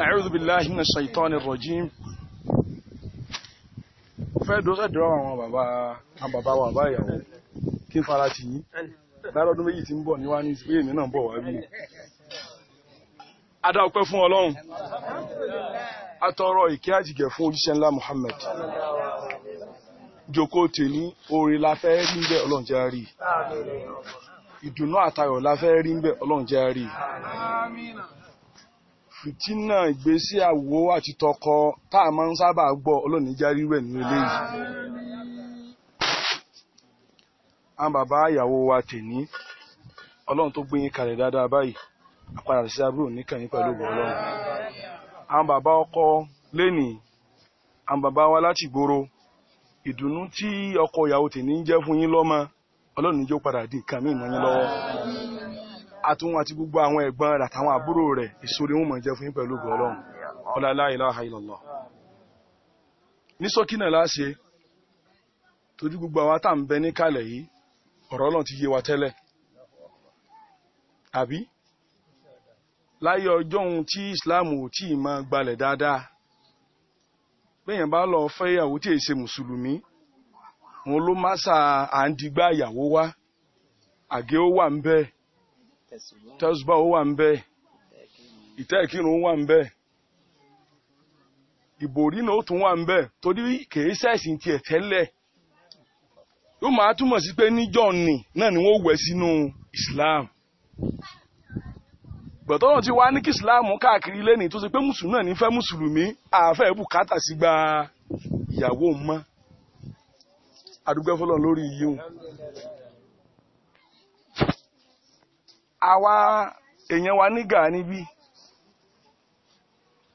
أعوذ بالله من الشيطان الرجيم fẹ́ dọ́sẹ̀ dọ́rọ̀ àwọn bàbá àbàbá wà báyàwó kí n fara ti yí lárọ́dún méjì tí ń bọ̀ níwá ní ìsìnkú èmì náà bọ̀ wá bí adá ọpẹ́ fún ọlọ́run atọrọ orí la fẹ́ rí bẹ́ ọlọ́run rí ìdùnnú àtayọ̀ la fẹ́ rí bẹ́ ọlọ́run rí àmín fìtínà ìgbésí àwo àti tọkọ tá a máa ń sábà gbọ́ olóòní járí rẹ̀ nínú eléyìí. bàbá ìyàwó wa tèní ọlọ́run tó gbé yín kalẹ̀ dáadáa báyìí àpàdà sí abúrò níkànnì pẹ̀lú ògbó ọlọ́run. bàbá ọkọ lénìí a bàbá wa láti gbòòrò ìdùnnú tí ọkọ ìyàwó tèní ń jẹ́ fún yín lọ́mọ ọlọ́run níjó padà ìmọ̀ yín lọ́wọ́. àtúnwò àti gbogbo àwọn ẹ̀gbọ́n rẹ̀ àtàwọn àbúrò rẹ̀ ìṣòrí wọn mọ̀ jẹ́ fún pẹ̀lú ọlọ́run ọlá la ilaha illallah ní sọ́kínà láṣẹ torí gbogbo àwọn tá à ń bẹ ní kalẹ̀ yìí ọ̀rọ̀ ọlọ́run ti yé wa tẹ́lẹ̀ àbí láyé ọjọ́ ohun tí Islam ò tí ì máa gbalẹ̀ dáadáa bẹ́yàn bá lọ ìyàwó wá àgé ó wà ń bẹ́ẹ̀ tẹ́sùbá ó wà ń no ìtẹ́ ìkírun wà ń bẹ́ ìbòrí náà ó tún wà ń bẹ́ torí kìí sẹ́ẹ̀sì tiẹ̀ tẹ́lẹ̀ yóò máa túmọ̀ ni náà ni wọ́n wẹ̀ sínú Islam gbọ̀tọ́rọ̀ tí wá ní kí Islam káàkiri lẹ́ni tó ṣe pé mùsùlùmí náà ní fẹ́ mùsùlùmí àáfẹ́ bùkátà sí gba ìyàwó mọ́ adúgbẹ́fọ́lọ́ lórí yíyún àwa èèyàn wa nígà n'ibi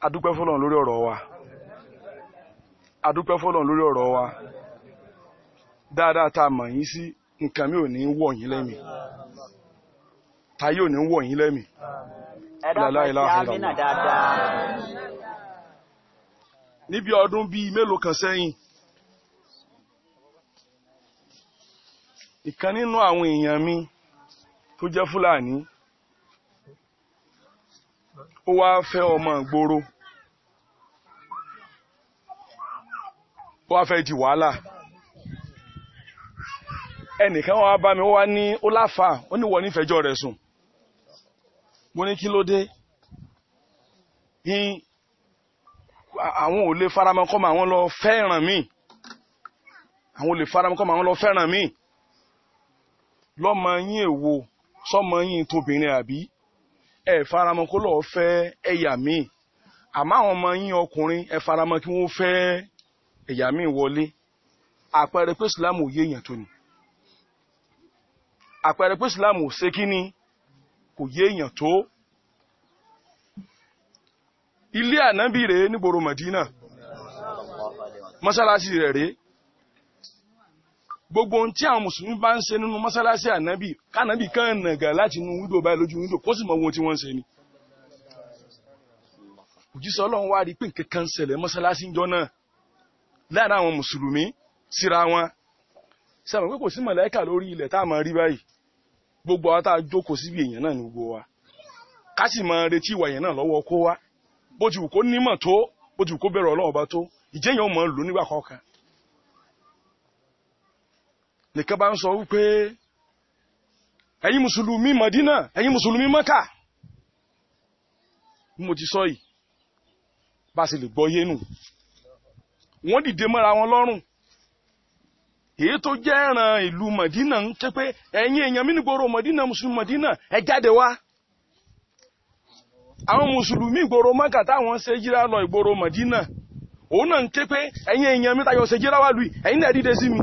adúpẹ́ lórí ọ̀rọ̀ wa adúpẹ́ lórí ọ̀rọ̀ wa dáadáa ta mọ̀ yín sí nǹkan mi ò ní wọ̀ yín lẹ́mìí ta yóò ní wọ̀ yín níbi ọdún bíi mélòó kan sẹ́yìn ìkan nínú àwọn èèyàn mi tó jẹ́ fúlàní ó wá fẹ́ ọmọ ìgboro ó wá fẹ́ di wàhálà ẹnìkan wá bá mi ó wá ní ó láfà ó ní wọ́n nífẹ̀ẹ́jọ́ rẹ̀ sùn mo ní kí ló dé ní àwọn ò lè faramakọ́mọ lọ fẹ́ràn mí àwọn ò lè faramakọ́mọ lọ fẹ́ràn mí lọ́mọ yín èwo sọmọ yín tóbìnrin àbí ẹ faramọ́ kó lọ́ọ́ fẹ́ ẹ̀yà míì àmọ́ àwọn ọmọ yín ọkùnrin ẹ faramọ́ kí wọ́n fẹ́ ẹ̀yà míì wọlé àpẹẹrẹ pé islam ò yéèyàn tó ni àpẹẹrẹ pé islam ò ṣe kí ni kò yéèyàn tó ilé ànábì rèé nígboro Madina mọ́sálásí rẹ̀ rèé gbogbo ohun tí àwọn mùsùlùmí bá ń ṣe nínú mọ́sálásí ànábì kánábì kan nàgà láti inú wíńdò báyìí lójú wíńdò kó sì mọ ohun tí wọ́n ń ṣe ni. òjíṣẹ́ ọlọ́run wá rí pé nǹkan kan ṣẹlẹ̀ mọ́sálásí ńjọ́ náà láàárín àwọn mùsùlùmí síra wọn. sábà pé kò sí màláíkà lórí ilẹ̀ tá a máa rí báyìí gbogbo àwọn tá a jókòó síbi èèyàn náà ni gbogbo wa ká sì máa retí ìwà èèyàn náà lọ́wọ́ kó wa bó ti wù kó nímọ̀ tó bó ti wù kó bẹ̀rù ọlọ́run ọba tó ìjẹ́yàn mọ̀ ń kọ̀ọ̀kan nìkan bá ń sọ wípé ẹ̀yin musulmi Madina ẹ̀yin musulmi maka mo ti sọ yìí bá sì lè gbọ́ yénù wọ́n dìde mọ́ra wọn lọ́rùn èyí tó jẹ́ ẹ̀ràn ìlú Madina ń ké pé ẹ̀yin èèyàn Madina musulmi Madina ẹ jáde wá àwọn mùsùlùmí ìgboro Mẹ́kà táwọn ṣe jíra lọ ìgboro Madina òun náà ń ké pé ẹ̀yin èèyàn mi tayọ̀ ṣe jíra wá lùi ẹ̀yin náà dìde sí mi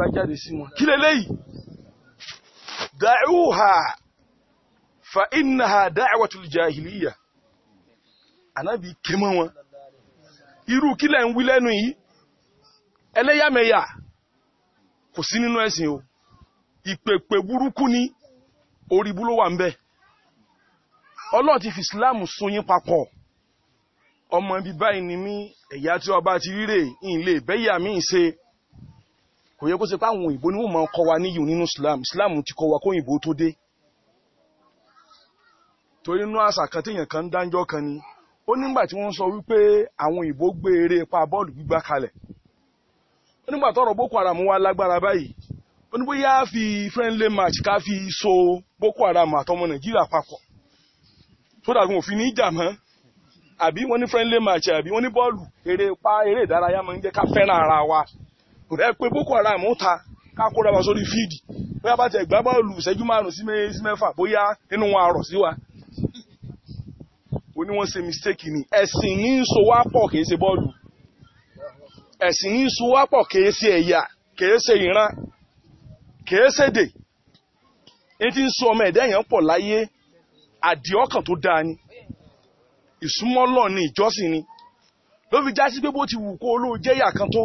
bá jáde sí wọn kí leléyìí da'uha fa innaha da'watul jahiliya anábì ké mọ́ wọn irú kílẹ̀ ń wí lẹ́nu yìí ẹlẹ́yàmẹ̀yà kò sí nínú ẹ̀sìn o ìpèpè burúkú ni orí bú ló wà ń bẹ ọlọ́run fi ìsìláàmù sún papọ̀ ọmọ ibi báyìí ni mí ẹ̀yà tí ọba ti ríre ìlé ìbẹ́yà míì ṣe kò yẹ kó ṣe pé àwọn òyìnbó ni wọ́n máa kọ́ wa níyù nínú Islam Islam ti kọ́ wa kó òyìnbó tó dé torí inú àṣà kan téèyàn kan ń dánjọ́ kan ni ó nígbà tí wọ́n sọ wípé àwọn òyìnbó gbé eré ipa bọ́ọ̀lù gbígbá kalẹ̀ ó nígbà tọ́rọ̀ Boko Haram wá lágbára báyìí ó ní bóyá fi friendly match ká fi so Boko Haram àtọmọ Nàìjíríà papọ̀ tó dàgbọn òfin ní ìjà mọ́ àbí wọ́n ní friendly match àbí wọ́n ní bọ́ọ̀lù eré ipa eré ìdárayá máa ń jẹ́ ká fẹ́ràn ara wa kò dẹ́ pé boko haram ń ta kákóra wa sórí fíìdì bóyá bá tẹ̀ gbá bọ́ọ̀lù ìṣẹ́jú márùn sí mẹ́fà bóyá nínú wọn àrọ̀ sí wa ó ní wọ́n ṣe mistake ni ẹ̀sìn ní ń so wá pọ̀ kìí ṣe bọ́ọ̀lù ẹ̀sìn ní ń so wá pọ̀ kìí ṣe ẹ̀yà kìí ṣe ìran kìí ṣe dè èyí tí ń so ọmọ ẹ̀dá èèyàn pọ̀ láyé àdìọ́kàn tó dáa ni ìsúmọ́lọ́ ni ìjọ́sìn ni ló fi já sí pé bó ti wù kó olóò kan tó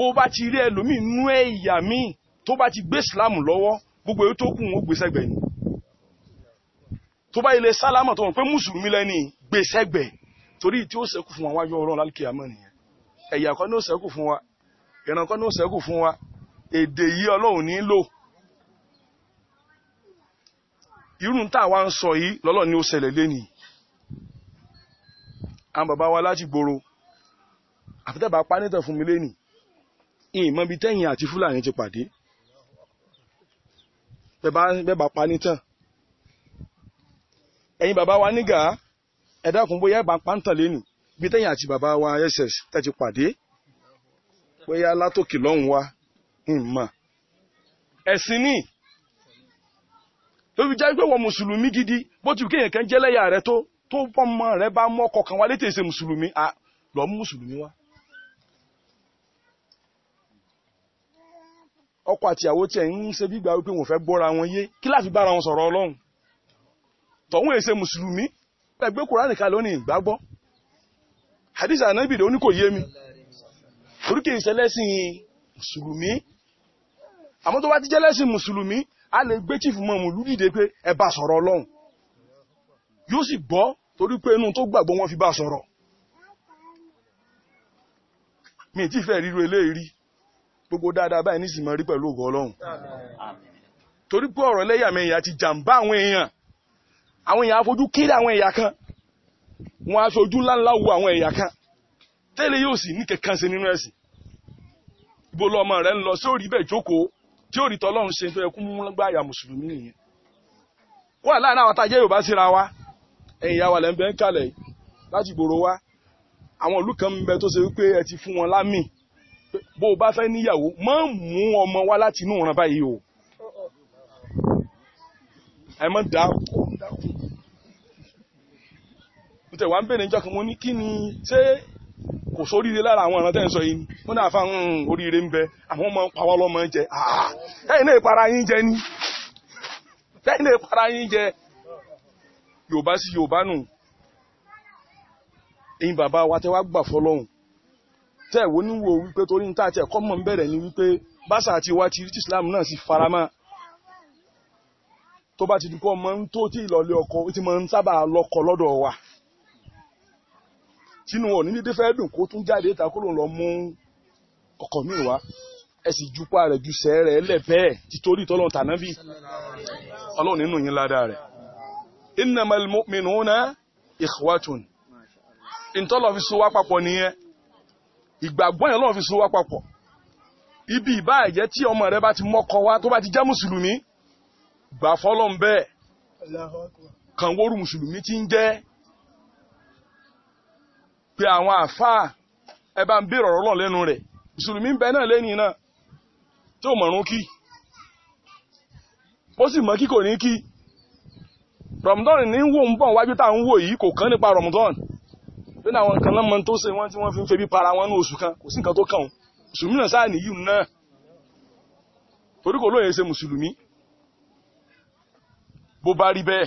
bó bá ti rí ẹlòmíì nú ẹ̀yà míì tó bá ti gbé islam lọ́wọ́ gbogbo èyí tó kù ó gbé sẹ́gbẹ̀ẹ́ ni tó bá ilẹ̀ sálámà tó wọ́n pé mùsùlùmí lẹ́ni gbé sẹ́gbẹ̀ẹ́ torí tí ó ṣẹ́kù fún wa wájú ọ̀rọ̀ lálùkìyàmọ́ nìyẹn fún wa ìran kan ni ó ṣẹlẹ̀ lẹ́ni àwọn bàbá wa láti gbòòrò àfitẹ́bà ìmọ̀ bí tẹ́yìn àti fúlàní ti pàdé bẹ́bà pa ní tàn ẹ̀yin bàbá wa nígà ẹ̀dàkùn bóyá ẹ̀bà pa ń tàn lẹ́nu bí tẹ́yìn àti bàbá wa ss tẹ́ ti pàdé bóyá látòkè lọ́hùn wa ìmọ̀ ẹ̀sìn ní lórí jẹ́ pé wọ́n mùsùlùmí gidi bó ti kéèyàn kan jẹ́lẹ́yà rẹ tó tó bọ́mọ rẹ bá mọ́ ọkọ̀ kan wá lọ mú mùsùlùmí wá ọkọ àti ìyàwó tiẹ̀ ń ṣe bí ìgbà wípé wọ́n fẹ́ bọ́ra wọn yé kí la fi bára wọn sọ̀rọ̀ ọlọ́run tọ̀hún èsè mùsùlùmí ẹgbẹ́ kùránì kalẹ̀ ó ní ìgbàgbọ́ hadith anabi ló ní kò yé mi torí kì í ṣe lẹ́sìn mùsùlùmí àmọ́ tó bá ti jẹ́ lẹ́sìn mùsùlùmí a lè gbé chiefu mọ́ mùlú dìde pé ẹ bá sọ̀rọ̀ ọlọ́run mi ti fẹ́ ríro eléyìí gbogbo dáadáa báyìí nísìnyí máa rí pẹ̀lú ògo ọlọ́run torí pé ọ̀rọ̀ lẹ́yàmẹ̀yà ti jàǹbá àwọn èèyàn àwọn èèyàn afojú kéré àwọn ẹ̀yà kan wọn aṣojú ńláńlá wo àwọn ẹ̀yà kan tẹ́lẹ̀ yóò sì ní kẹ̀kan ṣe nínú ẹ̀sìn ibo lọmọ rẹ ń lọ sí òrí bẹ́ẹ̀ jókòó tí òrí tọ́lọ́run ṣe tó yẹ kó mú gbá àyà mùsùlùmí nìyẹn wà láàrin àwọn tajẹ́ yorùbá síra wa ẹ̀yìn ìyá wa lẹ́ ń bẹ́ ń kalẹ̀ láti gbòòrò wa àwọn ìlú kan ń bẹ tó ṣe wípé ẹ ti fún wọn lámì bó o bá fẹ́ níyàwó má mú ọmọ wá láti inú ìran báyìí o ẹ má dá mo tẹ̀ wá ń bèrè níjọ́ kan mo ní kí ni ṣé kò sóríire lára àwọn ọ̀ràn tẹ́ ń sọ yìí wọ́n náà fa oríire ń bẹ àwọn ọmọ pàwọ́ lọ́mọ jẹ ẹ̀yìn náà ìpara yín jẹ ní ẹ̀yìn náà ìpara yín jẹ Yorùbá sí Yorùbá nù ẹ̀yin bàbá wa tẹ́ gbà fọlọ́hùn tẹ́ ìwò níwò wípé torí ń tàtẹ̀ kọ́mọ̀ ń bẹ̀rẹ̀ ni wípé báṣà àti ìwà ti ríṣì islam náà sì faramá tó bá ti dùkọ́ mọ́ ń tó tí ìlọlé ọkọ̀ ó ti mọ́ ń sábà lọ́kọ̀ lọ́dọ̀ wa tínú wọn ní dídé fẹ́ dùn kó tún jáde ìta kó ló lọ mú ọkọ̀ míì wá ẹ sì ju pa rẹ̀ ju sẹ́ rẹ̀ lẹ̀ bẹ́ẹ̀ ti torí ìtọ́lọ́run tànábì ọlọ́run nínú yín ládàá rẹ̀ innamal mu'minuna ikhwatun ìtọ́lọ́ fi so wá papọ̀ nìyẹn ìgbàgbọ́ yẹn lọ́run fi so papọ̀ ibi ìbáàjẹ́ tí ọmọ rẹ bá ti mọ́kọ wá tó bá ti jẹ́ mùsùlùmí gbà fọ́lọ́n bẹ́ẹ̀ kànwóru mùsùlùmí ti ń jẹ́ pé àwọn àfáà ẹ bá ń bèèrè ọ̀rọ̀ lọ lẹ́nu rẹ̀ mùsùlùmí ń bẹ náà lẹ́ni náà tí ó mọ̀rún kí ó sì mọ́ kí kò ní kí rọ̀mùdọ́nì ní wò ń bọ̀ wájú tá à ń wò yìí kò kán nípa rọ̀mùdọ́nì nínú àwọn nǹkan lọ́mọ tó ṣe wọ́n tí wọ́n fi ń febi para wọn ní oṣù kan kò sí nǹkan tó kàn mùsùlùmí náà sáà nìyí náà torí kò lóye ṣe mùsùlùmí bó bá rí bẹ́ẹ̀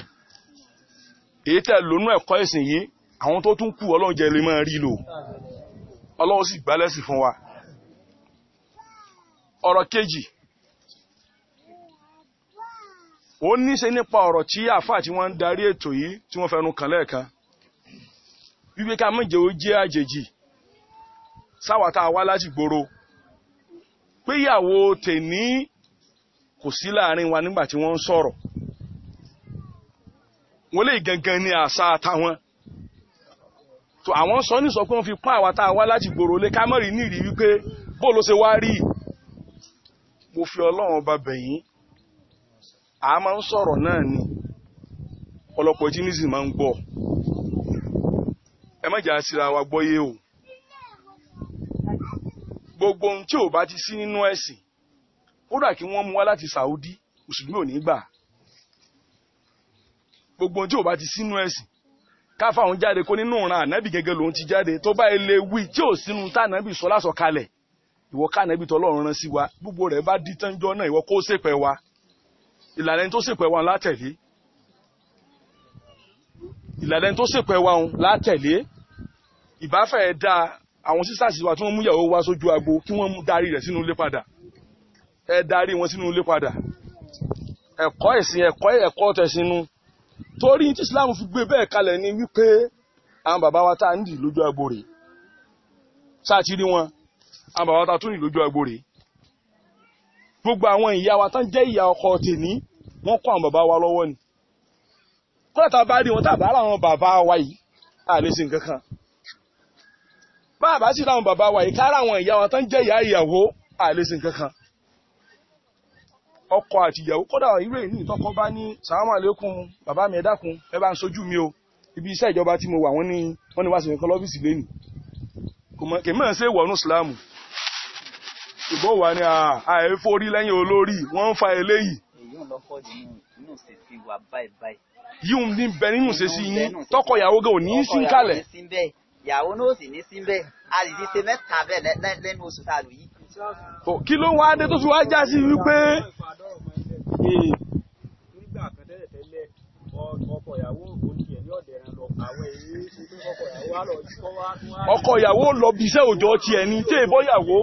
èyí tẹ̀ lónú ẹ̀kọ́ ìsìn yìí àwọn tó tún kù ọlọ́run wípé ká mọ́jẹ̀ ó jẹ́ àjèjì sáwàtà wá láti gbòrò péyàwó tèní kò sí láàrin wa nígbà tí wọ́n ń sọ̀rọ̀ wọ́n lè gangan ní àṣà àtàwọn tó àwọn sọ ní sọ pé wọ́n fi pán àwàtà wá láti gbòrò lé kámọ́rì nìrí wípé bó ló wá rí mo fi ọlọ́run ọba bẹ̀yìn a máa ń sọ̀rọ̀ náà ni ọlọ́pọ̀ jínísì máa ń gbọ́ ẹ má jà síra wa gbọ́yé o gbogbo ohun tí ò bá ti sí nínú ẹ̀sìn kódà kí wọ́n mú wá láti Saudi mùsùlùmí ò ní gbà gbogbo ohun tí ò bá ti sínú ẹ̀sìn káfà òun jáde kó nínú ìran ànábì gẹ́gẹ́ lòun ti jáde tó bá ilé wí tí ò sínú tànábì sọ lásọ kalẹ̀ ìwọ kànábì tọ́lọ́run rán sí wa gbogbo rẹ̀ bá dí tánjọ́ náà ìwọ kó ṣèpẹ̀ wa ìlànà tó ṣèpẹ̀ wa látẹ̀lé ìlànà tó ṣèpẹ̀ wa látẹ̀lé ìbáfẹ́ dáa àwọn sisters wa tí wọ́n mú ìyàwó wá sójú agbo kí wọ́n darí rẹ̀ sínú ilé padà ẹ darí wọn sínú ilé padà ẹ̀kọ́ ẹ̀sìn ẹ̀kọ́ ẹ̀kọ́ tẹ̀sínú torí tí Islam fi gbé bẹ́ẹ̀ kalẹ̀ ni wípé àwọn bàbá wa tá à ń dì lójú agbo rèé wọn àwọn bàbá wa tá tún dì lójú agbo rèé gbogbo àwọn ìyá wa tán jẹ́ ìyá ọkọ tèmi wọ́n kọ́ àwọn bàbá wa lọ́wọ́ ni kọ́lá tá a bá rí wọn tá a bá rà àwọn bàbá wa yìí à lè bàbá sì ráwọn bàbá wa ìkára àwọn ìyá wa tán jẹ́ ìyá ìyàwó àìlèsìn kankan ọkọ àti ìyàwó kódà irú èyí tọkọ bá ní sàmà àlékún bàbá mi ẹ dákun ẹ bá ń sojú mi o ibi iṣẹ́ ìjọba tí mo wà wọ́n ní wọ́n ní wá sí nǹkan lọ́fíìsì lẹ́nu kèmọ́ ṣe wọ̀nú ìsìláàmù ṣùgbọ́n wà ní àìforí lẹ́yìn olórí wọ́n ń yín tọkọ ìyàwó gan ní í ìyàwó náà sì ní síbẹ̀ a sì ti ṣe mẹ́ta bẹ́ẹ̀ lẹ́nu oṣù tá a lò yìí. kí ló wá dé tó tún wá já sí wípé. nígbà kan tẹ́lẹ̀ tẹ́lẹ̀ ọkọ ìyàwó òkòtì ẹ̀ ní ọ̀dẹ̀ ẹran lọ àwọn èyí ṣe pé ọkọ ìyàwó á lọ sí kọ́ wá. ọkọ ìyàwó lọ bí iṣẹ́ òjò tiẹ̀ ní tẹ́ ìbọ́ ìyàwó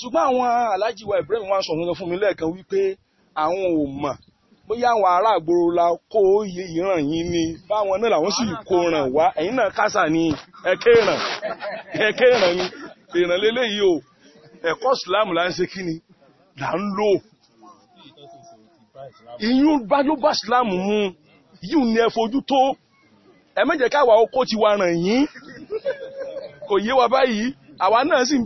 ṣùgbọ́n àwọn alájíwá Ibrahim wá sọ̀rọ̀ fún mi lẹ́ẹ̀kan wípé àwọn ò mọ̀ bóyá àwọn ará àgbòrò la kó oyè ìran yìí ni báwọn náà làwọn sì kó ràn wá ẹ̀yìn náà kásà ní ẹ̀kẹ́ ìràn ẹ̀kẹ́ ni ìràn o ẹ̀kọ́ sùlámù là ń ṣe kí ni là ń lò ìyún bá ló bá sùlámù mu yíò ní ẹ tó okó ti wa ràn yín kò yé wa báyìí àwa náà sì wa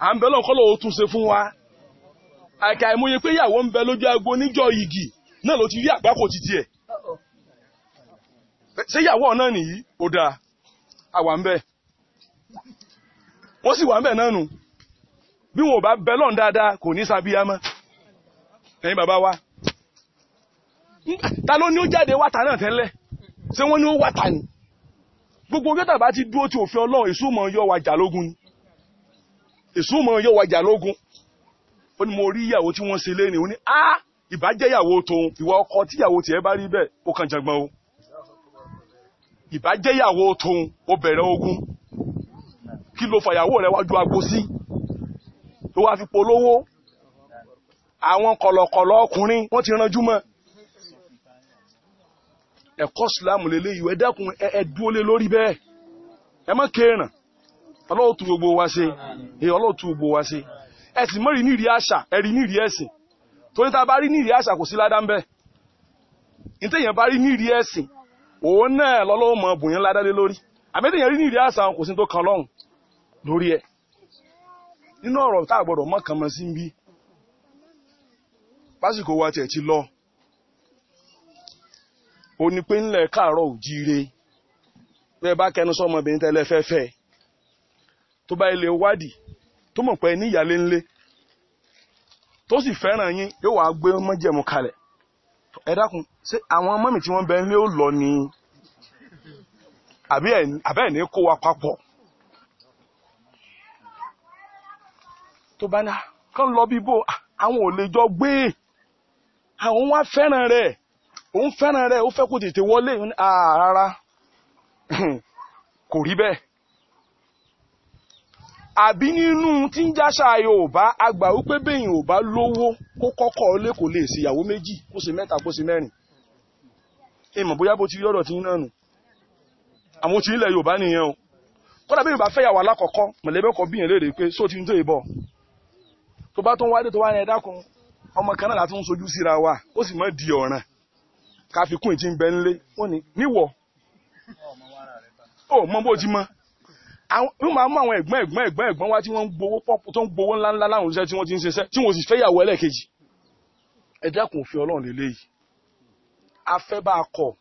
à ń bẹ wa àkàìmọye pé ìyàwó ń bẹ lójú agbo níjọ igi náà ló ti rí àgbákò títí ẹ̀ ṣé ìyàwó náà nìyí ò dáa àwà ń bẹ wọ́n sì wà ń bẹ náà nù bí wọn ò bá bẹ lọ́n dáadáa kò ní sábíyá mọ́ ẹ̀yin bàbá wa ta ló ní ó jáde wáta náà tẹ́lẹ̀ ṣé wọ́n ní ó wáta ni gbogbo yóò tàbá ti dúró ti òfin ọlọ́run èṣù yọ wàjà lógun ni ó ní mo rí ìyàwó tí wọ́n ṣe lé ní ó ní á ìbàjẹ́ ìyàwó tóun ìwà ọkọ tíyàwó tiẹ̀ bá rí bẹ́ẹ̀ ó kàn jàngbọ̀n o ìbàjẹ́ ìyàwó tóun ó bẹ̀rẹ̀ ogun kí ló fàyàwó rẹ̀ wájú agbo sí tó wá fi polówó àwọn kọ̀lọ̀kọ̀lọ̀ ọkùnrin wọ́n ti ránjú mọ́ ẹ̀kọ́ sùlámù lélé ìwẹ̀ dẹ́kun ẹ̀ẹ́dúólé lórí bẹ́ẹ̀ ẹ má kéèràn ọlọ́ọ̀tù gbogbo wa ṣe ẹ̀sìn mọ́rin ní ìrí àṣà ẹ̀rí ní ìrí ẹ̀sìn torí ta bá rí ní ìrí àṣà kò sí ládá ń bẹ́ ìtẹ̀yàn bá rí ní ìrí ẹ̀sìn òun náà lọ́lọ́wọ́ mọ̀ bùnyín ládá lé lórí àmẹ́tẹ̀yàn rí ní ìrí àṣà kò sí tó kan lọ́hùn bá ilé wádìí tó mọ̀ pé ní ìyálé ńlé tó sì fẹ́ràn yín yóò wá gbé májẹ̀mú kalẹ̀ ẹ ṣé àwọn tí wọ́n bẹ lé lọ ni àbẹ́ ẹ̀ ní kó wa papọ̀ tó bá ní kán lọ bí bó àwọn ò lè jọ gbé àwọn wá fẹ́ràn rẹ̀ òun fẹ́ràn rẹ̀ ó fẹ́ kó tètè àbí nínú tí ń jáṣà Yorùbá àgbà wípé bẹ́yìn ò bá lówó kó kọ́kọ́ ọlé kò lè méjì kó ṣe mẹ́ta kó ṣe mẹ́rin ìmọ̀ bóyá bó ti rí lọ́dọ̀ tí ń nánu àwọn ilẹ̀ Yorùbá o bí bá fẹ́ yàwó léèrè pé só ti ń ìbọ̀ tó bá ẹ̀dá ọmọ kan náà láti ń sojú síra wa ó wọ́n máa mú àwọn ẹ̀gbọ́n ẹ̀gbọ́n ẹ̀gbọ́n ẹ̀gbọ́n wá tí wọ́n ń gbowó pọ́pù tó ń gbowó ńláńlá láwọn iṣẹ́ tí wọ́n ti ń ṣiṣẹ́ tí wọ́n sì fẹ́yàwó ẹlẹ́ẹ̀kejì ẹ dákun òfin ọlọ́run lélẹ́ yìí afẹ́ bá a kọ̀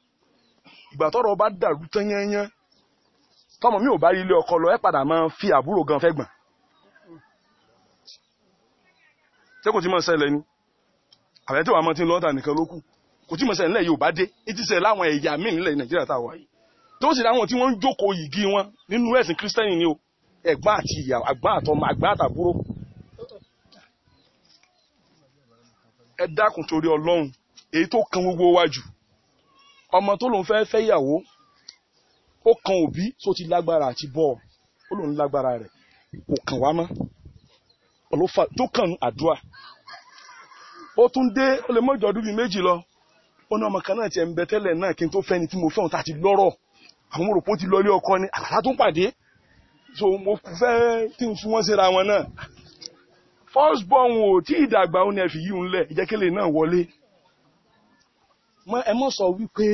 ìgbà tọ́rọ̀ bá dàrú tán yẹ́nyẹ́ tọmọ mi ò bá rí ilé ọkọ lọ ẹ padà máa fi àbúrò gan fẹ́ gbọ̀n ṣé kò tí mọ̀ ṣẹlẹ̀ ni àbẹ̀tẹ̀wà mọ́ ti ń lọ́ọ̀dà nìkan lókù kò tí mọ̀ ṣẹlẹ̀ nílẹ̀ Yorùbá dé ètí láwọn ẹ̀yà míì nílẹ̀ Nàìjíríà táwa yìí tó sì láwọn tí wọ́n ń jókòó yìgì wọn nínú ẹ̀sìn kírísítẹ́nì ni o ẹ̀gbọ́n àti ìyàwó àgbà àtọmọ àgbà àtàbúrò ẹ dákun torí ọlọ́run èyí tó kan gbogbo wájú ọmọ tó lòun fẹ́ẹ́ fẹ́ ìyàwó ó kan òbí tó ti lágbára àti bọ́ ó lòun lágbára rẹ̀ kò kàn wá mọ́ ọlọ́fà tó kàn àdúrà ó tún dé ó lè mọ́jọ́ ọdún méjì lọ ó ní ọmọ kan náà ti ẹ̀ ń bẹ tẹ́lẹ̀ náà kí n tó fẹ́ni tí mo fẹ́ràn tá a ti lọ́rọ̀ àwọn mo rò pé ó ti lọ ilé ọkọ ni àgbàlá tó ń pàdé so mo fẹ́ tí n fún wọn síra wọn náà first born o tí ìdàgbà ó ní ẹ̀fì yìí ń lẹ̀ ìjẹ́kẹ́lẹ̀ náà wọlé ẹ sọ wípé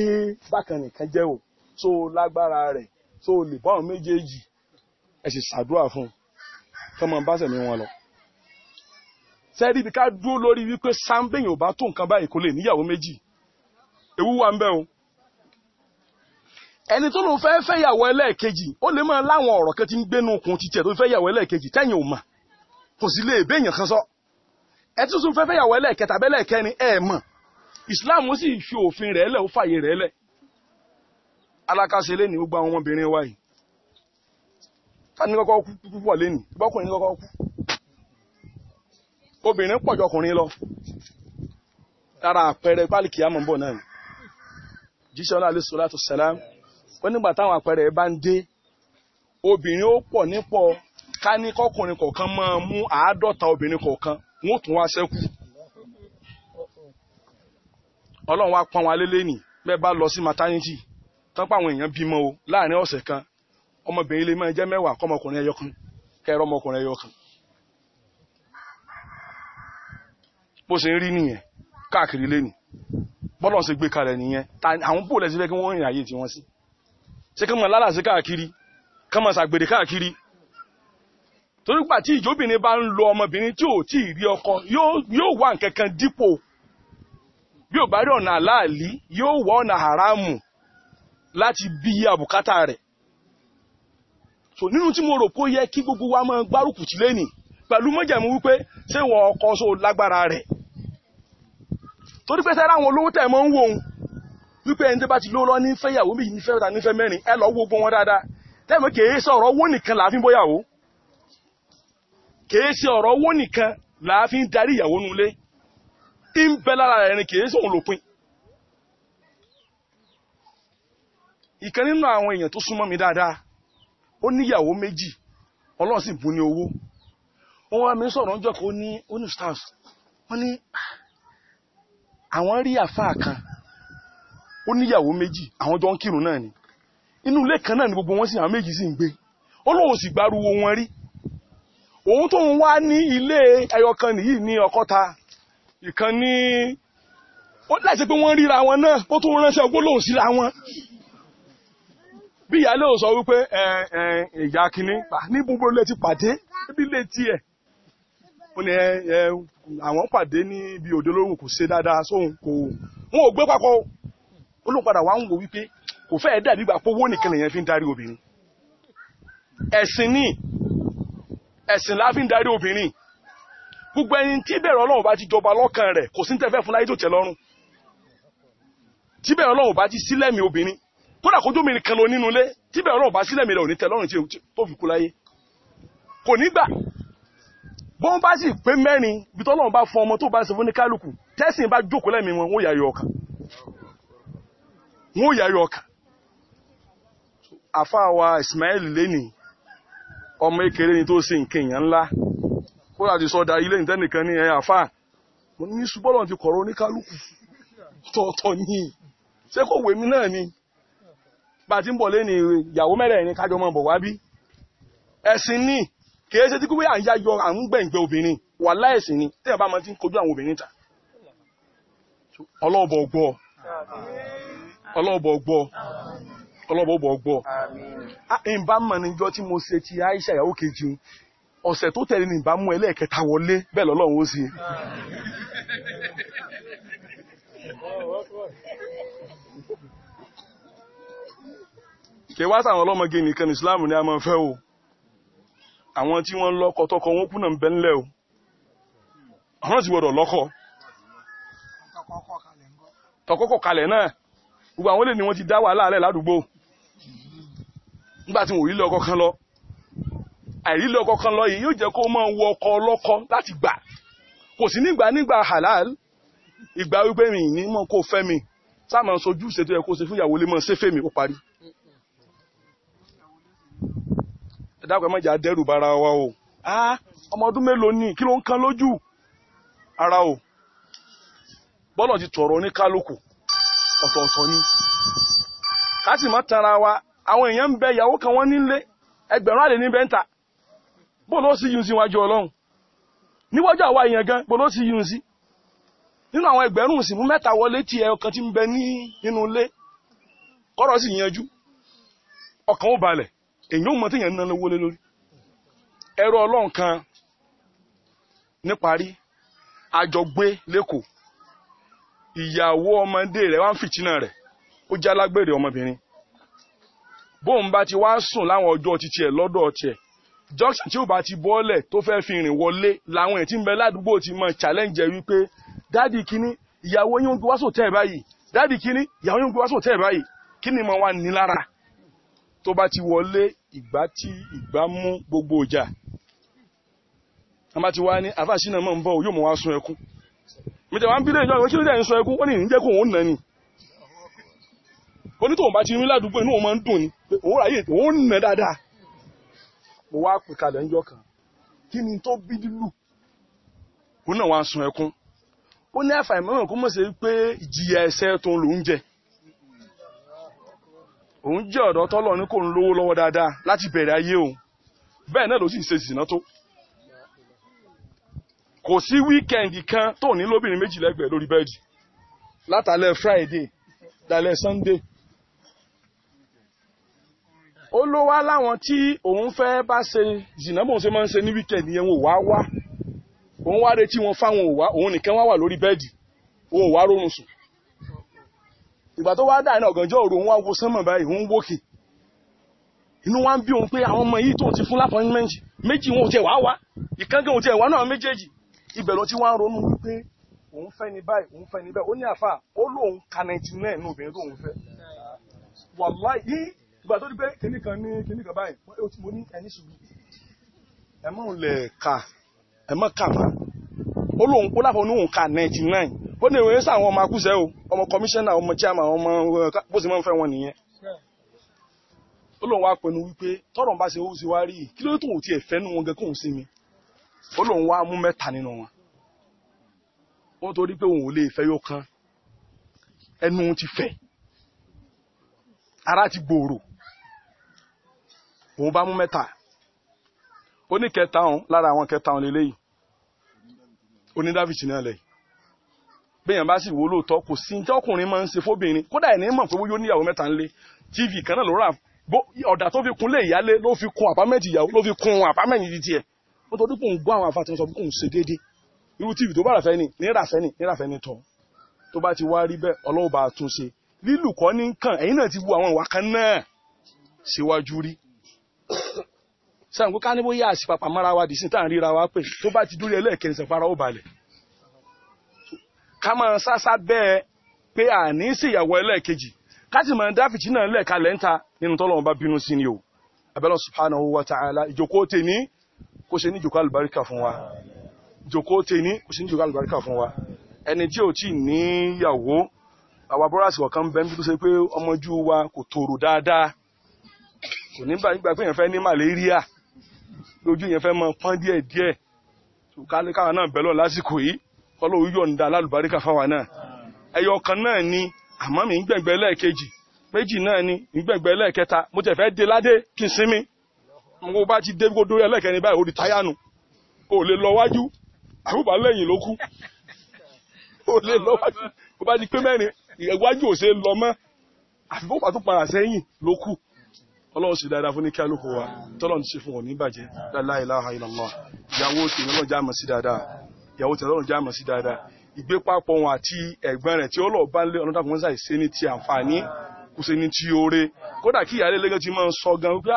bákan nìkan jẹ́ o so lágbára rẹ̀ so lè bá àwọn méjèèjì ẹ sì ṣàdúrà fún tọmọ bá sẹ̀mí wọn lọ sẹ́rí ibi ká dúró lórí wípé sáńbẹ̀yìn ò bá tó nǹkan báyìí kò lè níyàwó méjì ewu wà ń bẹ̀ o ẹni tó lòun fẹ́ẹ́ fẹ́ yàwó ẹlẹ́ẹ̀kejì ó lè máa láwọn ọ̀rọ̀ kan ti ń gbénu okùn títẹ̀ tó fẹ́ yàwó ẹlẹ́ẹ̀kejì tẹ́yìn ò mà kò sí lè béèyàn kan sọ ẹ tí tún fẹ́ẹ́ fẹ́ yàwó ẹlẹ́ẹ̀kẹta bẹ́lẹ́ẹ̀kẹrin ẹ mọ̀ Islam sì fi òfin rẹ̀ lẹ̀ ó fàyè rẹ̀ lẹ̀ alákàṣe lẹ́ni gbogbo àwọn ọmọbìnrin wa tani kọ́kọ́ kú púpọ̀ lẹ́ni bọ́kùnrin kọ́kọ́ kú obìnrin pọ̀jọ ọkùnrin lọ lára àpẹẹrẹ pálíkì àmọ́ bọ̀ náà jíṣẹ́ alẹ́ sọ́lá tó sẹ́lá onigba nígbà táwọn àpẹẹrẹ bá ń dé obìnrin ka pọ̀ nípọ̀ ká ní kọkùnrin kọ̀ọ̀kan máa mú àádọ́ta obìnrin kọ̀ọ̀kan wọ́n tún wá ṣẹ́kù ọlọ́run wá pọ́n wọn lélẹ́ nì bá lọ sí maternity tán pàwọn èèyàn bímọ o láàrin ọ̀sẹ̀ kan ọmọbìnrin lè máa jẹ́ mẹ́wàá kọ́mọkùnrin ẹyọ kan kẹrọ ọmọkùnrin ẹyọ kan bó ṣe ń rí nìyẹn káàkiri lẹ́nì bọ́lọ̀ ṣe gbé kalẹ̀ nìyẹn àwọn fẹ́ kí ṣe kánmọ̀ lálàsí káàkiri kánmọ̀ sàgbèrè káàkiri torí pà tí ìjóbìnrin bá ń lo ọmọbìnrin tí ò tí rí ọkọ yóò wá nkankan dípò bí ò bá rí ọ̀nà aláàlí yóò wá ọ̀nà haramu láti bí àbùkátà rẹ̀ so nínú tí mo rò pó yẹ kí gbogbo wa máa gbárùkù tí lé nì pẹ̀lú mọ́jẹ̀mú wípé ṣé wọ́n ọkọ so lágbára rẹ̀ torí sẹ́ra àwọn olówó tẹ̀ mọ́ ń wò wípé ẹni tó bá ti lówó lọ ní fẹ́ yàwó méjì ní fẹ́ ta ní fẹ́ mẹ́rin ẹ lọ wọn dáadáa tẹ́mọ̀ kèé sí ọ̀rọ̀ owó nìkan láàfin bóyàwó kèé sí ọ̀rọ̀ owó nìkan láàfin darí ìyàwó ń lára ẹni kèé ó níyàwó méjì àwọn jọ ń kírun náà ni inú ilé kan náà ni gbogbo wọn sì àwọn méjì sì ń gbé ó lóun sì gbárùwò wọn rí òun tó ń wá ní ilé ẹyọkan nìyí ní ọkọta ìkan ní ó láti pé wọ́n ríra wọn náà ó tún ránṣẹ́ ogbólóhùn síra wọn bí ìyálé ò sọ wípé ìjà kìíní ní gbogbo ilé ti pàdé níbi ilé tiẹ̀ ó ní àwọn pàdé ní ibi òde kò ṣe dáadáa sóhun kò wọn ò gbé papọ̀ olóòpadà wà ń wò wípé kò fẹ́ dàbí gbà pé owó nìkan lèyàn fi ń darí obìnrin ẹ̀sìn ní ẹ̀sìn láfi ń darí obìnrin gbogbo ẹni tí bẹ̀rẹ̀ ọlọ́run bá ti jọba lọ́kàn rẹ̀ kò sí ń tẹ́fẹ́ fún láyé tó tẹ́ lọ́rùn tí bẹ̀rẹ̀ ọlọ́run bá ti sílẹ̀mì obìnrin kódà kójú mi kan lọ nínú ilé tí bẹ̀rẹ̀ ọlọ́run bá sílẹ̀mì rẹ̀ ò ní tẹ́ lọ́rùn tó fi kú láyé kò nígbà bọ́n bá sì pé mẹ́rin bí tọ́lọ́run bá fún ọmọ tó bá ṣe fún ní kálukú tẹ́sìn bá jókòó lẹ́mìí wọn ó yà yọ ọkàn wọ́n yà yọ ọkà àfáàwà Ismail lẹ́ni ọmọ ekere ni tó ṣe nǹkan èèyàn ńlá kó láti sọ́dá ilé ìtẹ́nìkan ní ẹ̀yà àfáà mo ní ṣubọ́lọ̀ ti kọ̀rọ̀ oníkálukú tọọtọ ní ṣé kò wèmí náà ni bá ń bọ̀ lẹ́ni ìyàwó mẹ́rẹ̀ ní kájọ mọ́ bọ̀ wá bí ẹ̀sìn ní kìí ṣe tí kúwé à ń yáyọ à ń gbẹ̀ǹgbẹ̀ obìnrin wà láẹ̀sìn ni tí ẹ̀bá máa ti ń kojú àwọn obìnrin ta ọlọ́ọ̀bọ̀ gbọ́ ọlọ́ọ̀bọ̀ gbọ́ ọlọ́ọ̀bọ̀ gbọ́ ah, tí ti Aisha ìyàwó kejì ọ̀sẹ̀ tó tẹ̀lé ní ìbámu ẹlẹ́ẹ̀kẹta wọlé bẹ́ẹ̀ lọ́lọ́run ó sì kẹwàá sàwọn nìkan Islam ni a ma fẹ́ o àwọn tí wọ́n lọ́kọ tọ́kọ wọn kùnà o ti kalẹ̀ gbogbo àwọn olè ni wọ́n ti dá wàhálà rẹ̀ ládùúgbò nígbà tí wọ́n rí lọ́kọ̀ kan lọ àìrí lọ́kọ̀ kan lọ yìí yóò jẹ́ kó máa wọ ọkọ̀ ọlọ́kọ láti gbà kò sí nígbà nígbà halal ìgbà wípé mi ní mọ́ kó fẹ́ mi sáàmà sojú ìṣètò ẹ̀kọ́ ṣe fún ìyàwó lè mọ́ ṣe fẹ́ mi ó parí ẹ̀dàpẹ̀ mọ́jà dẹ́rù bara wa o ọmọ ọdún mélòó ní kí ló ń kan lójú ara o bọ́lọ̀ ti tọ̀rọ̀ ní kálukú ọ̀tọ̀ọ̀tọ̀ ni ká sì tara wa àwọn èèyàn ń bẹ ìyàwó kan wọ́n nílé ẹgbẹ̀rún àlè ní bẹ́ńtà bó ó sì yun sí iwájú ọlọ́run níwájú àwa èèyàn gan bó ló sì sí nínú àwọn ẹgbẹ̀rún sì mú mẹ́ta bẹ ní ilé kọ́rọ̀ sì yanjú ọkàn ó balẹ̀ tí èèyàn ń ìyàwó ọmọdé rẹ̀ wá ń fìtínà rẹ̀ ó já lágbèrè ọmọbìnrin bóun bá ti wá sùn láwọn ọjọ́ títí ẹ̀ lọ́dọ̀ tiẹ̀ junction tí ó bá ti bọ́ọ̀lẹ̀ tó fẹ́ fi rìn wọlé làwọn ẹ̀ tí ń bẹ ládùúgbò ti mọ challenge ẹ̀ wípé dáàdì kínní ìyàwó yín ń gbé wá sòtẹ́ ẹ̀ báyìí dáàdì kínní ìyàwó yín gbé wá sòtẹ́ ẹ̀ báyìí kí ni mo wá ní lára tó bá ti wọlé ìgbà tí ìgbà mú gbogbo ọjà wọ́n bá ti wá ní àfáàsínà mọ́ ń bọ̀ yóò mọ̀ wá sun ẹkún mẹ́tẹ̀ wá ń bílẹ̀ ìjọ́ ìwọ́ṣílẹ̀ ń sọ ikú ó ní ìjẹ́ kò ń nà ni onítòun bá ti rí ládùúgbò inú ọmọ ń dùn ni pé òun ráyè òun nà dáadáa mo wá pè kalẹ̀ ńjọ́ kan kí ni tó bí lílù òun náà wá sun ẹkún ó ní àfàì mọ́mọ́ kó mọ̀ sí pé ìjìyà ẹ̀ṣẹ̀ tó ń lò ń jẹ òun jẹ́ ọ̀dọ́ tọ́lọ̀ ní kò ń lówó lọ́wọ́ dáadáa láti bẹ̀rẹ̀ ayé òun bẹ́ẹ̀ náà ló sì ń ṣe ìsìná tó kò sí wíkẹ̀ndì kan tó ní lóbìnrin méjì lẹ́gbẹ̀ẹ́ lórí bẹ́ẹ̀dì látàlẹ́ Friday dalẹ́ Sunday ó ló wá láwọn tí òun fẹ́ bá ṣe jìnnà bóun ṣe máa ń ṣe ní wíkẹ̀ndì yẹn wò wá wá òun wá retí wọn fáwọn òwá òun nìkan wá wà lórí bẹ́ẹ̀dì òun wá rórun sùn ìgbà tó wá dáa ní ọ̀gànjọ́ òru òun wá wo sánmọ̀ báyìí òun wókè inú wa ń bí òun pé àwọn ọmọ yìí tó ti fún lápọ́ńmẹ́ǹtì méjì wọn ò tẹ̀ wá wá ìkángẹ́ òun tẹ̀ wá náà méjèèjì ìbẹ̀rọ̀ tí wọ́n ń ronú wípé òun fẹ́ ní báyìí òun fẹ́ ní báyìí ó ní àfà ó lóun ka 99 ní obìnrin tó òun fẹ́ wàláhì ìgbà tó di pé kìnnì kan ní kìnnì kan báyìí ó ti mo ní ẹni ṣùgbọ́n ẹ mọ̀ lẹ̀ ka ẹ mọ̀ kà má ó lóun ó láfọ̀ ní òun ka 99 ó ní ìwé sáwọn ọmọ akúṣẹ́ o ọmọ kọmíṣánná ọmọ chairman ọmọ bó ti máa ń fẹ́ wọn nìyẹn ó lóun wá pinnu wípé tọ́rọ̀ bá ṣe ó ṣe wá rí kí ló tó òun ti ẹ̀fẹ́ nú wọn gẹ́kùn sí mi ó lóun wá mú mẹ́ta nínú wọn wọ́n torí pé òun ò lè fẹ́ yóò kán ẹnu ti fẹ̀ ara ti gbòòrò òun bá mú mẹ́ta oníkẹta ọ̀hún lára àwọn kẹta ọ̀hún lélẹ́yìí onídàfíìsì náà lẹ́yìn bẹ́yàn bá sì wò lóòótọ́ kò sí tí ọkùnrin máa ń ṣe fóbìnrin kódà ẹ̀ ní mọ̀ pé yóò níyàwó mẹ́ta ńlé tv kan náà ló rà ọ̀dà tó fi kúnlé ìyálé ló fi kún àpámẹ́ǹtì ìyàwó ló fi kún àpámẹ́ǹtì ti tiẹ̀ nítorí kò ń gbọ́ àwọn àfàtì sọ kò ń ṣe déédéé irú tíìbì tó bá rà fẹ́ni ní rà fẹ́ni ní rà fẹ́ni tọ̀ tó bá ti wá rí bẹ́ẹ̀ ọlọ́wọ́ bá tún ṣe lílù kọ́ ní kàn ẹ̀yin náà ti wo àwọn ìwà kan náà síwájú rí sáà nǹkan ká ní bóyá àṣìpapà mara wa dì sí tá à ń ríra wa pé tó bá ti dúró ẹlẹ́ẹ̀kẹrin sẹ̀fara ó balẹ̀ kó ṣe ní jòkó àlùbáríkà fún wa jòkó tè ní kó ṣe ní jòkó àlùbáríkà fún wa ẹni tí ò tí níyàwó àwa bọ́rásì kọ̀ọ̀kan bẹ́ẹ̀ tó ṣe pé ọmọjú wa kò tòrò dáadáa kò ní gbà pé èèyàn fẹ́ ní màléríà lójú èèyàn fẹ́ mọ pọ́n díẹ̀ díẹ̀ káwọn náà bẹ̀lọ̀ lásìkò lẹ́ẹ̀kejì méjì náà ni ń lẹ́ẹ̀kẹta mo tẹ̀ dé ládé kí sinmi mo bá ti dé kó dórí ẹlẹ́kẹ̀rin báyìí ó di táyà nù ó lè lọ wájú àbúbà lẹ́yìn ló kú ó lè lọ wájú ó bá di pé mẹ́rin ìwájú ò ṣe lọ mọ́ àfikún pàtó padà sẹ́yìn ló kú ọlọ́run sì dáadáa fún ní kálukú wa tọ́lọ́run ti ṣe fún wọn ní ìbàjẹ́ la ilaha illallah ìyàwó tèmi náà já mọ̀ sí dáadáa ìyàwó tèmi náà já mọ̀ sí dáadáa ìgbépapọ̀ wọn àti ẹ̀gbọ́n rẹ̀ tí ó lọ bá lé ọ̀nà dàpọ̀ wọn ní ti àǹfààní kò sí ní tí ó ré kódà kí ìyá lẹ́lẹ́gẹ́ ti máa ń sọ gan wípé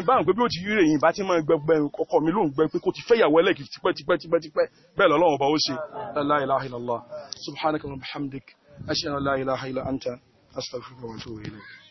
ìbá ah, ń pé bí ó ti rí rèyìn bá ti máa gbẹgbẹ ọkọ mi ló gbẹ pé kò ti fẹ́ ìyàwó ẹlẹ́kì tipẹ́ bẹ́ẹ̀ lọ́lọ́run ọba ó ṣe la ilaha illallah subhanaka wa la ilaha illa anta astaghfiruka